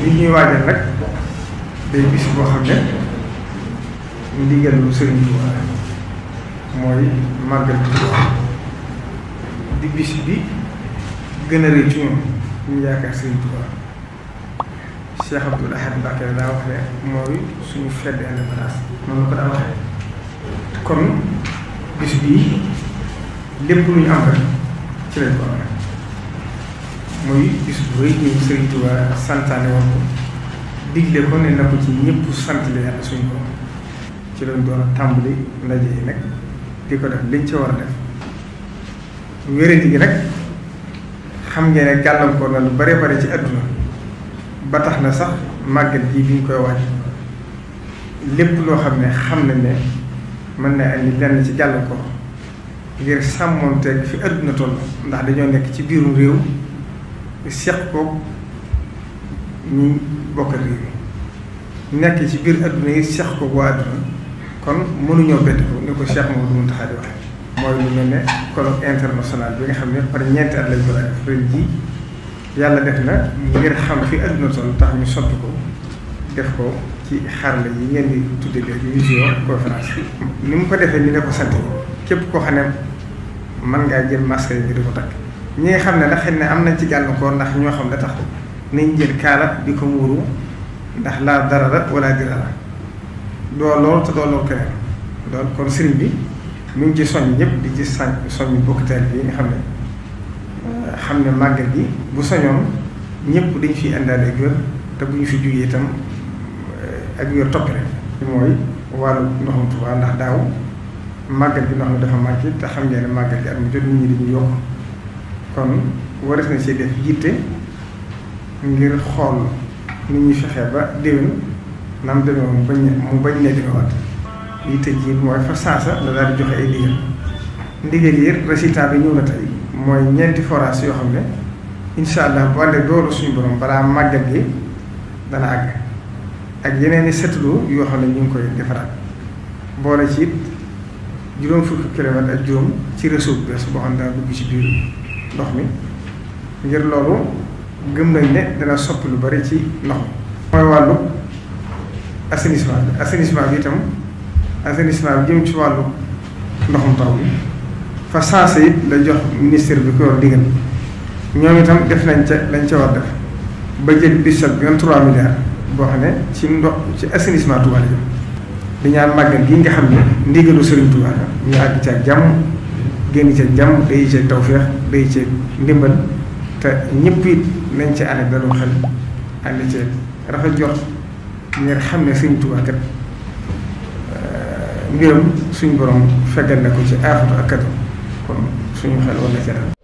bi ñuy waajal nag day bis boo xam ne ndigalu Sëriñ Tuubaa mooy màggal di bis bi gën a rëy ci ñoom ñu yaakaar Sëriñ Tuubaa Cheikh Abdoul Ahad Mbacké daa wax ne mooy suñu fête d'indépendance noonu ko daa waxee kon bis bii lépp lu ñu am rek ci lañ ko amee muy bis bu rëy bi Sëriñ Tuubaa santaane woon ko digle ko ne na ko ci ñëpp sant la yàlla suñ ko ci lañ doon tàmbali ndaje yi nag di ko def liñ ci war a def wéradi gi nag xam ngeen ne gàllankoor na lu bare bare ci àdduna ba tax na sax màggal gi bi ñu koy wàcc lépp loo xam ne xam nañ ne mën na andi lenn ci gàllankoor ngir teg fi àdduna toll ndax dañoo nekk ci biirum réew seq ko ñu bokk réew mi nekk ci biir adduna yi seq ko waa adduna kon mënuñoo bett ko ni ko Cheikh Mamadou Mountakha di waxee. mooy lu mel ne colloque international bi nga xam ne par ñeenti at lañ ko daan def ren jii yàlla def na ngir xam fi adduna toll tax ñu sotti ko def ko ci xarala yi ngeen di tuddee léegi visio conférence ni mu ko defee ni ne ko sant képp koo xam ne mën ngaa jël masque yi di ko takk. ñi nga xam ne nag xëy na am nañ ci gàllankoor ndax ñoo xam ne tax nañ jël kaala di ko muuru ndax laa darara wala dirara doo lool te doo lool keneen loolu kon sëriñ bi mu ngi ci soñ ñëpp di ci sañ soñ bi bokkuteel bi nga xam ne xam ne màggal gi bu soñoon ñëpp dañ fi àndaale gër te bu ñu fi jugee itam ak wér topp rek mooy wàllu ndoxum Tuubaa ndax daaw màggal bi ndox mi dafa màcc te xam ngeen ne màggal gi at mu jot nit ñi dañuy yokk kon waris na ci def yitte ngir xool ni ñuy fexe ba déwén nam demee mu bañ mu bañ ne demewaat yitte ji mooy fa saasa la daal di joxe ay ndigal ndigal yi résultat bi ñëw na tey mooy ñeenti forage yoo xam ne incha allah bu àndee doolu suñu borom balaa màggal gi dana àgg ak yeneen i seetlu yoo xam ne ñu ngi koy defaraat boole ci it juróom fukki kilomètre ak juróom ci réseau bu bees boo xam ne dana dugg ci biir. ndox mi ngir loolu gëm nañ ne dana sopp lu bari ci ndox mi. mooy wàllu assainissement bi assainissement bi itam assainissement bi jëm ci wàllu ndoxum taw bi fa sensé it la jox ministère bi ko di digal ñoom itam def nañ ca lañ ca war def ba jël di choc vingt trois milliards boo xam ne ci ndox ci assainissement Touba la jëm di ñaan màggal xam ne ndigalu Serigne Touba la ñu àgg ci jàmm. génn ca jàmm day ca tawféex day ca ndimbal te ñëpp it nañ ca ànd daloo xel ànd ca rafet jox ngir xam ne Sëriñ Tuubaa kat euh, mbiram suñ borom feggal na ko ci aafatu ak katu kon suñu xel war na ca